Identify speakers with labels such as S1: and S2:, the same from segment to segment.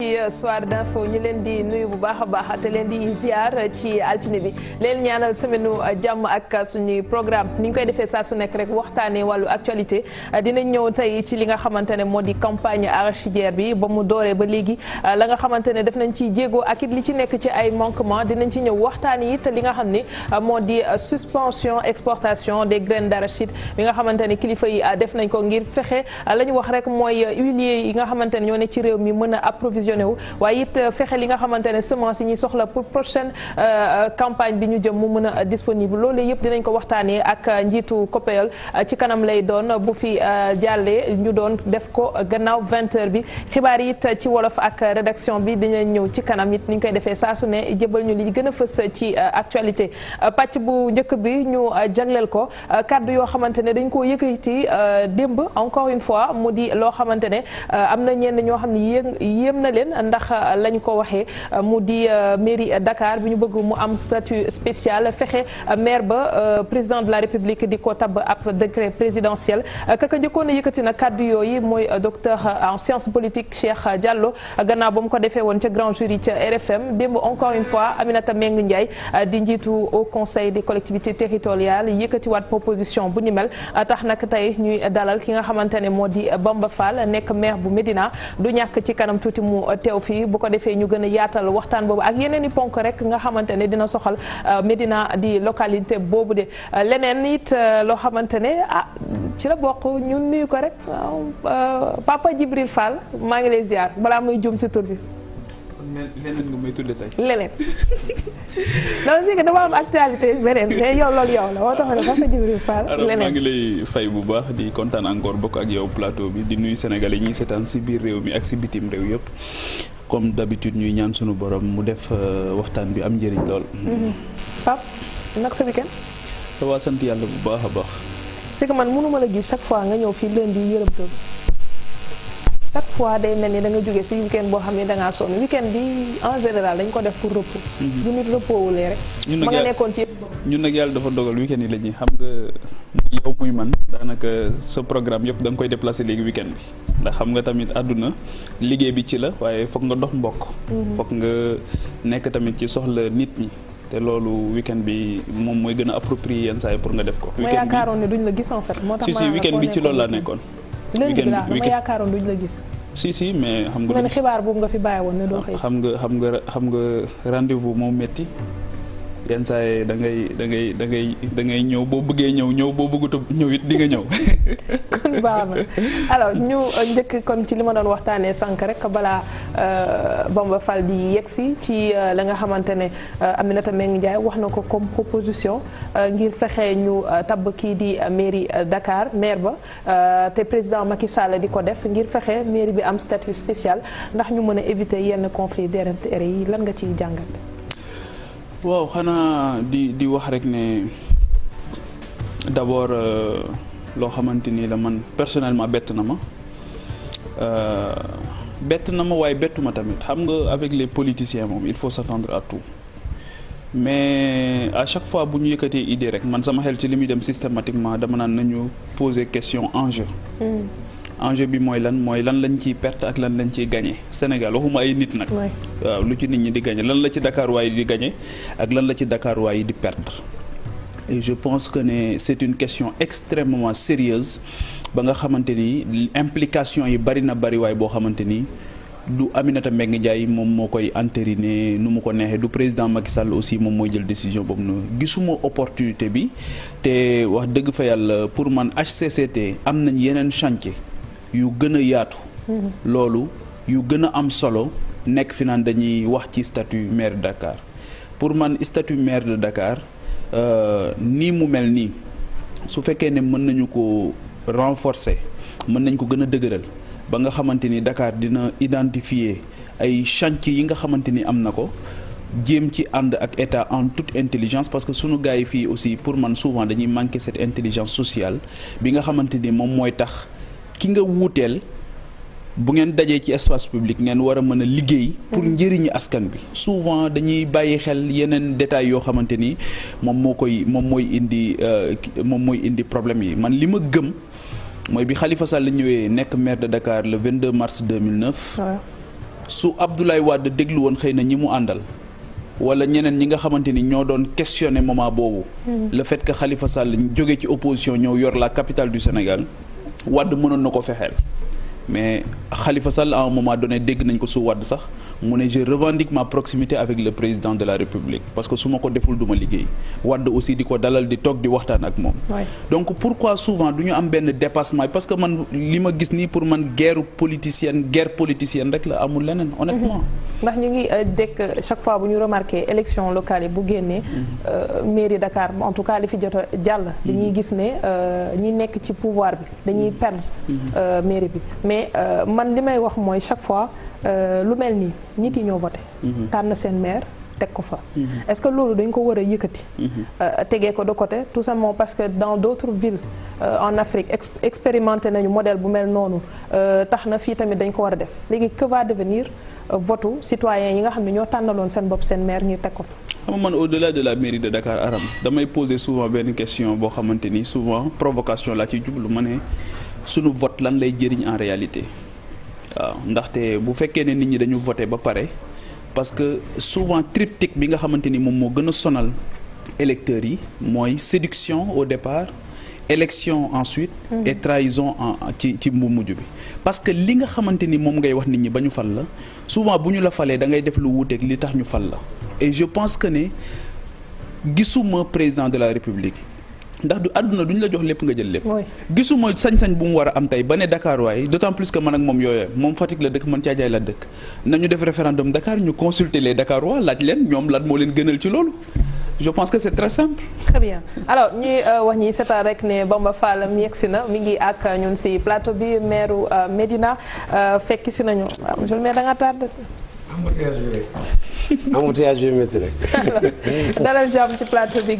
S1: ci soir d'info ñu leen di nuyu bu baax a baax te leen di ziar ci altine bi leen ñaanal semaine jàmm ak suñuy programme ni ñu koy defee saa su nekk rek waxtaanee wàllu actualité dinañ ñëw tey ci li nga xamante ne moo di campagne arachidière bi ba mu dooree ba léegi la nga xamante ne def nañ ci jéego ak it li ci nekk ci ay manquement dinañ ci ñëw waxtaan yi te li nga xam ne moo di suspension exportation des graines d'arachide bi nga xamante ne kilifa yi def nañ ko ngir fexe la ñu wax rek mooy huiliers yi nga xamante ne ñoo ne ci réew mi mën a approvisionné wu waaye it euh, fexe li nga xamante ne semence yi ñuy soxla pour prochaine euh, euh, campagne bi ñu jëm mu mën a disponible loolu yëpp dinañ ko waxtaanee ak njiitu COPEOL ci kanam lay doon bu fi jàllee ñu doon def ko gannaaw 20 bi xibaar it ci wolof ak rédaction bi dinañ ñëw ci kanam it ni ñu koy defee saa su ne jëbal ñu li gën a fës ci actualité pàcc bu njëkk bi ñu jagleel ko kàddu yoo xamante ne dañ koo yëkkati démb encore une fois mu di loo xamante ne am na ñenn ñoo xam ne yéem na leen ndax euh, lañ ko waxee euh, mu di euh, mairie Dakar bi ñu bëgg mu am statut spécial fexe maire ba président de la République di ko tabb ab décret présidentiel kaka njëkkoon a yëkkati na kàddu yooyu mooy docteur en sciences politique Cheikh jàllo gannaaw ba mu ko defee woon ca grand jury ca RFM démb encore une fois Aminata Meng Ndiaye di njiitu au conseil des collectivités territoriales yëkkatiwaat proposition bu ni mel tax nag tey ñuy dalal ki nga xamante ne moo di Bamba Fall teew fii bu ko defee ñu gën a yaatal waxtaan boobu ak yeneen i ponk rek nga xamante ne dina soxal euh, Médina di localité boobu de euh, leneen it euh, loo xamante ne ah ci la bokk ñun nuyu ko rek Papa Djibril Fall maa ngi lay ziar balaa muy jum si tur bi.
S2: leneen nga may tudde tey.
S1: leneen non c'est dama am actualité beneen mais yow loolu yow la woo tax na sax sa Djibril Fall. leneen maa ngi
S2: lay fay bu baax di kontaan encore bokk ak yow plateau bi di nuyu Sénégalais ñi seetaan si biir réew mi ak si bitim réew yëpp comme d'habitude ñuy ñaan suñu borom mu def euh, waxtaan bi am njëriñ lool.
S1: Mhm. Pape nag sa weekend.
S2: sa waa sant yàlla bu baax a baax.
S1: c'est que man mënuma la gis chaque fois nga ñëw fii lundi yërëm chaque fois day mel ni da nga jóge si weekend boo xam ne da ngaa sonn weekend bi en général dañ ko def pour repos. Mhm. bu nit repos wulee rek. ma nga nekkoon ci
S2: ñun nag yàlla dafa dogal weekend la ñuy xam nga yow muy man daanaka sa programme yëpp da koy déplacer léegi weekend bi ndax xam nga tamit àdduna liggéey bi ci la waaye foog nga dox mbokk. Mhm. foog nga nekk tamit ci soxla nit ñi. te loolu weekend bi moom mooy gën a approprié yenn saa pour nga def ko. weekend bi ma yaakaaroon
S1: ne en weekend bi ci loolu laa nekkoon. lundi bi laa dama yaakaaroon duñ la gis.
S2: si si mais xam nga.
S1: xibaar boobu nga fi bàyyi woon ne doo xëy. xam
S2: nga xam nga xam nga rendez-vous moom metti yenn saa yi da ngay da ngay da ngay da ngay ñëw boo bëggee ñëw ñëw boo bëggutu ñëw it di nga ñëw.
S1: kon baax na alors ñu njëkk kon ci li ma doon waxtaanee sànq rek balaa euh, Bamba Fall di yegsi ci euh, la nga xamante ne euh, Aminata Mbengue Ndiaye wax na ko comme proposition ngir fexe ñu tabb kii di mairie Dakar maire ba te président Macky Sall di ko def ngir fexe mairie bi am statut spécial ndax ñu mën a éviter yenn conflits d'intérêts yi lan nga ciy jàngat.
S2: waaw xanaa di di wax rek ne d'abord euh, loo xamante nii la man personnellement bett na ma euh, bett na ma waaye bettuma tamit xam nga avec les politiciens moom il faut s'attendre à tout mais à chaque fois bu ñu yëkkatee idée rek man sama xel ci li muy dem systématiquement dama naan nañu poser question enjeu. Mm. enjeu bi mooy lan mooy lan lañ ciy perte ak lan lañ ciy gagné Sénégal waxuma ay nit nag. waaw lu ci nit ñi di gagné lan la ci Dakar waay di gagné ak lan la ci Dakar waay di perte. et je pense que ne c'est une question extrêmement sérieuse ba nga xamante ni implication yi bari na bari waay boo xamante ni. du Aminata Mbengue Ndiaye moom moo koy entériner nu mu ko neexee du président Macky Sall aussi moom mooy jël décision boobu noonu gisuma opportunité bi te wax dëgg fa yàlla pour man HCCT am nañ yeneen chantier yu gën a yaatu. Mhm. loolu yu gën a am solo nekk fi naan dañuy wax ci statut maire de Dakar pour man statut maire de Dakar euh, nii mu mel nii su fekkee ne mën nañu ko renforcer mën nañ ko gën a dëgëral ba nga xamante ni Dakar dina identifier ay chantier yi nga xamante ni am na ko. jéem ci ànd ak état en tout intelligence parce que suñu gars yi fii aussi pour man souvent dañuy manquer cette intelligence sociale bi nga xamante moom mooy tax ki nga wuuteel bu ngeen dajee ci espace public ngeen war a mën a liggéey pour mm-hmm. njëriñu askan bi souvent dañuy bàyyi xel yeneen détails yoo xamante ni moom moo koy moom mooy indi euh, moom mooy indi problème yi man li ma gëm mooy bi xalifa Sall ñëwee nekk maire de Dakar le 22 mars 2009 su Abdoulaye Wade déglu woon xëy na ñi mu àndal wala ñeneen ñi nga xamante ni ñoo doon questionné moment boobu mm-hmm. le fait que Khalifa Sall jóge ci opposition ñëw yor la capital du Sénégal Wade mënoon na ko fexeel mais Khalifa Sall à un moment donné dégg nañ ko su Wade sax mu ne je revendique proximité avec le président de la République parce que su ma ko deful du ma liggéey Wade aussi di ko dalal di toog di waxtaan ak moom. donc pourquoi souvent du ñu am benn dépassement parce que man li ma gis nii pour man geeru politicienne guerre politicienne rek la amul leneen honnêtement.
S1: Mhm. ndax ñu ngi euh, dëkk chaque fois bu ñu remarqué élection locale yi bu génnee. Mhm. Euh, mairie Dakar en tout cas li fi jot a jàll. dañuy mhm. gis ne euh, ñi nekk ci pouvoir bi dañuy perdre mairie bi. mais euh, man li may wax mooy chaque fois euh, lu mel nii nit yi ñoo voté. Mhm. tànn seen maire teg ko fa. Mhm. est-ce que loolu dañ ko war a yëkkati. Mhm. Euh, tegee ko de côté tout simplement parce que dans d'autres villes en Afrique expérimenté nañu model bu mel noonu tax na fii tamit dañ ko war a def léegi que va devenir votu citoyen yi nga xam ne ñoo tànnaloon seen bopp seen maire ñu teg ko fa.
S2: xam ah, man au-delà de la mairie de Dakar Aram damay poser souvent benn question boo xamante ni souvent provocation laa ci jublu ma sunu vote lan lay jëriñ en réalité waaw ndaxte bu fekkee ne nit ñi dañu voté ba pare parce que souvent triptyque bi nga xamante ni moom moo gën a sonal électeurs yi mooy séduction au départ élection ensuite hmm. et trahison en ci ci mu mujj bi parce que li nga xamante ni moom ngay wax nit ñi ba ñu fal la souvent bu ñu la falee da ngay def lu wuuteeg li tax ñu fal la et je pense que ne gisuma président de la république ndax du àdduna duñu la jox lépp nga jël lépp. gisuma sañ-sañ bu mu war a am tey ba ne Dakar waaye d'autant plus que man ak moom yooyee moom Fatick la dëkk man Thiadiaye la dëkk nañu def référendum Dakar ñu consulter les Dakarois laaj leen ñoom lan moo leen gënal ci loolu. je pense que c'est très
S1: simple. très bien alors ñuy euh, wax ñi seetaan rek ne Bamba Fall mi yegsi na mi ngi ak ñun ci plateau bi maire euh, Médina euh, fekki si nañu monsieur mais maire da nga tardé.
S3: embouteillage bi métti rek.
S1: dalal jàmm ci plateau bi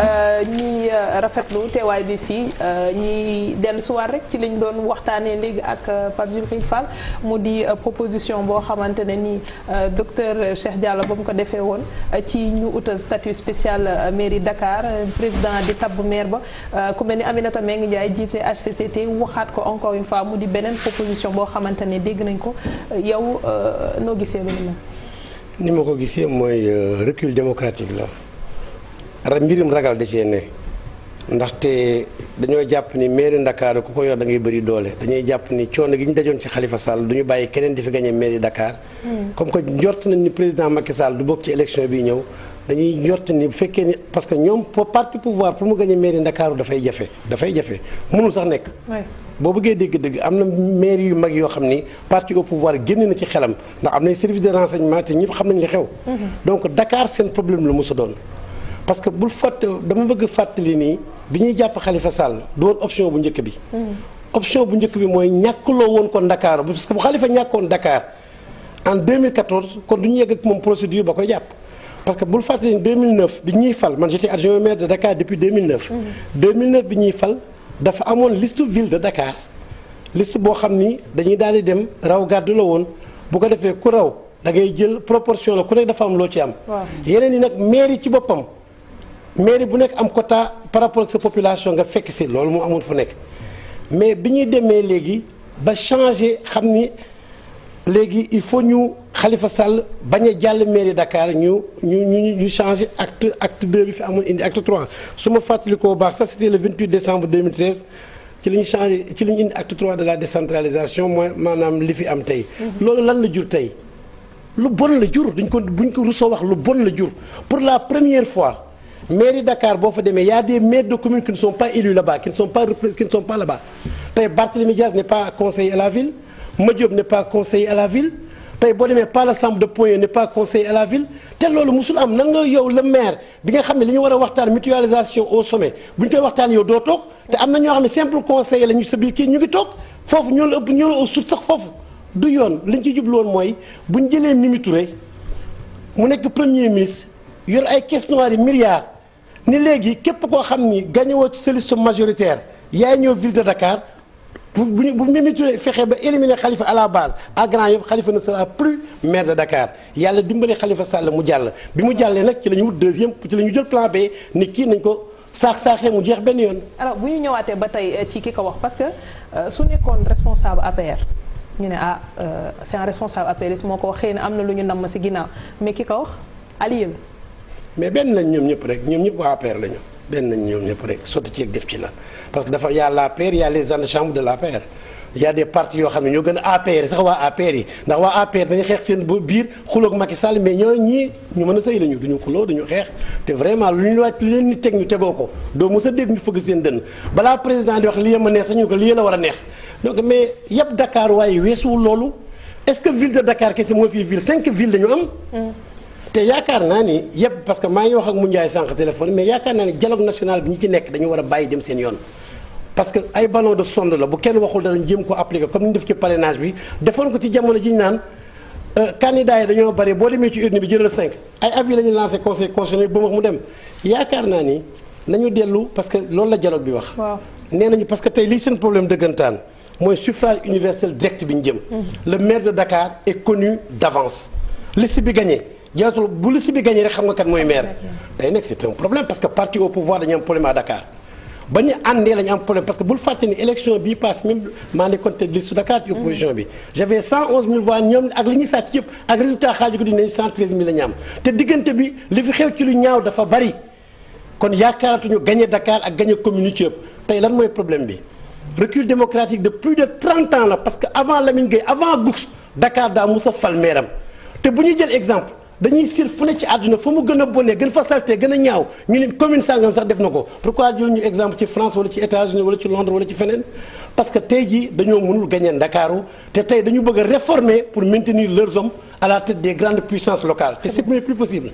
S1: Euh, ñuy euh, rafetlu teewaay bi fii euh, ñuy dellusiwaat rek ci liñ doon waxtaanee léegi ak Pape Djibril Fall mu di proposition boo xamante ne nii docteur Cheikh Diallo ba mu ko defee woon ci ñu utal statut spécial mairie Dakar président di tabb maire ba ku mel ni Aminata Mbengue Ndiaye jiite HCCT waxaat ko encore une fois mu di beneen proposition boo xamante ne dégg nañ ko yow noo gisee lu
S3: ni ma ko gisee mooy recul démocratique la mbirum ragal da cee ne ndaxte dañoo jàpp ni mairie Dakar ku ko yor da ngay bëri doole dañuy jàpp ni coono gi ñu dajoon ci xalifa Sall du ñu bàyyi keneen di fi gagné mairie Dakar. Hmm. comme que njort nañ ni président Macky Sall du bokk ci élection bi ñëw dañuy jort ni bu fekkee ni parce que ñoom parti pouvoir pour mu gagné mairie Dakar dafay jafe dafay jafe mënul sax nekk. boo bëggee dégg-dëgg am na maire yu mag yoo xam ni parti au pouvoir génne na ci xelam ndax am nay service de renseignement ñëpp xam nañ li xew. Hmm. donc Dakar seen problème la mos a doon. parce que bul fàtte dama bëgg fàttali nii bi ñuy jàpp xalifa Sall du woon option bu njëkk bi. Mm. option bu njëkk bi mooy ñàkkuloo woon ko Dakar parce que bu Khalifa ñàkkoon Dakar en 2014 kon du ñu yegg ak moom procédure ba koy jàpp. parce que bul fàttali ni 2009 bi ñuy fal man j'étais adjoint maire de Dakar depuis mm. bi ñuy fal dafa amoon list ville de Dakar list boo xam ni dañuy daal di dem raw gàddu la woon bu ko defee ku raw dangay ngay jël proportion la ku dafa am loo ci am. yeneen yi nag yi ci boppam. mairie bu nekk am quota par rapport ak sa population nga fekk si loolu moo amoon fu nekk mais bi ñuy demee léegi ba changé xam ni léegi il faut ñu xalifa Sall bañ a jàll mairie Dakar ñu ñu ñu ñu changé acte acte 2 bi fi amoon indi acte 3 su ma fàttali koo baax ça c'était le 28 décembre 2013 ci la ñu changé ci la ñu indi acte 3 de la décentralisation mooy maanaam li fi am tey. loolu lan la jur tey lu bon la jur duñ ko buñ ko rusoo wax lu bon la jur pour la première fois. mairie Dakar boo fa demee y a des maires de communes qui ne sont pas élus là-bas qui ne sont pas qui ne sont pas là-bas tey Barthélémy Diaz n'est pas conseiller à la ville Madiop n'est pas conseiller à la ville tey boo demee Pala Samb de Poye n'est pas conseiller à la ville te loolu musul am nan nga yow le maire bi nga xam ne li ñu war a waxtaan mutualisation au sommet bu ñu koy waxtaan yow doo toog te am na ñoo xam ne simple conseiller la ñu sa biir kii ñu ngi toog foofu ñoo la ëpp ñoo la sut sax foofu du yoon li ñu ci jublu woon mooy bu ñu jëlee Mimi Touré mu nekk premier ministre yor ay caisse noire yi milliards ni léegi képp koo xam ni gañewoo ci sa majoritaire yaay ñëw ville de Dakar bu bu bu Mimi fexe ba éliminer Khalifa à la base à Grand Yoff Khalifa ne sera plus maire de Dakar yàlla dimbali xalifa Sall mu jàll bi mu jàllee nag ci la ñu wut deuxième ci la ñu jël plan B ni kii nañ ko saax saaxee mu jeex benn yoon.
S1: alors bu ñu ñëwaatee ba tey euh, ci ki ko wax parce que euh, su nekkoon responsable APR. ñu ne ah euh, c'est un responsable APR moo ko wax xëy na am na lu ñu namm si ginnaaw mais ki ko wax allié mais benn lañ
S3: ñoom ñëpp rek ñoom ñëpp waa APR la ñu benn lañ ñoom ñëpp rek sotti ci def ci la parce que dafa y' a l'APR y' a les anchambres de l'APR y' a des partis yoo xam ne ñoo gën a APR sax waa APR yi ndax waa APR dañu xeex seen ba biir xuloog Macky Sall mais ñoo ñii ñu mën a sëy lañu duñu xuloo duñu xeex te vraiment lu ñu waaj leen ni teg ñu tegoo ko doo mos a dégg ñu fëgg seen dënn balaa président di wax lii ma neex war a neex donc mais weesuwul loolu est-ce que ville de Dakar kese ville cinq te yaakaar naa ni yëpp parce que maa ngi wax ak mu Ndiaye sànq téléphone mais yaakaar naa ni dialogue national bi ñi ci nekk dañu war a bàyyi dem seen yoon. parce que ay ballon de sonde la bu kenn waxul danañ jéem ko appliquer comme ni ñu def ci parrainage bi defoon ko ci jamono ji ñu naan euh, candidats dañoo bari boo demee ci urne bi jëlal 5 ay avis la ñu lancé conseil constitutionnel ba mu dem yaakaar naa ni nañu dellu parce que loolu la dialogue bi wax. waaw nee nañu parce que tey lii seen problème dëggantaan mooy suffrage universel direct bi ñu jëm. Mm-hmm. le maire de Dakar est connu d'avance liste bi gagné. jaatul bu liste bi gagné rek xam nga kat mooy maire day nekk c'est un problème parce que parti au pouvoir dañu am problème am problème parce que bul fàtte ni élection bi mm-hmm. j'avais 111000 voix ñoom ak li ñuy sàcc yëpp ak résultat xaaju ko di nañ 113000 la ñu am te diggante bi li fi xew ci lu ñaaw dafa bari kon yaakaaratuñu gagné Dakar ak gagné commune yi ci yëpp tey lan mooy problème bi recul démocratique de plus de 30 ans la parce que avant Lamine Gueye avant Goux Dakar daa mus fal meeram te bu ñu jël exemple dañuy siir fu ne ci àdduna fa mu gën a bonee gën fa salté gën a ñaaw ñu ne commune sangam sax def na ko pourquoi jël ñu exemple ci France wala ci États-Unis wala ci Londres wala ci feneen parce que tey jii dañoo mënul gagné Ndakaaru te tey dañu bëgg a réformer pour maintenir leurs hommes à la tête des grandes puissances locales te c'est plus possible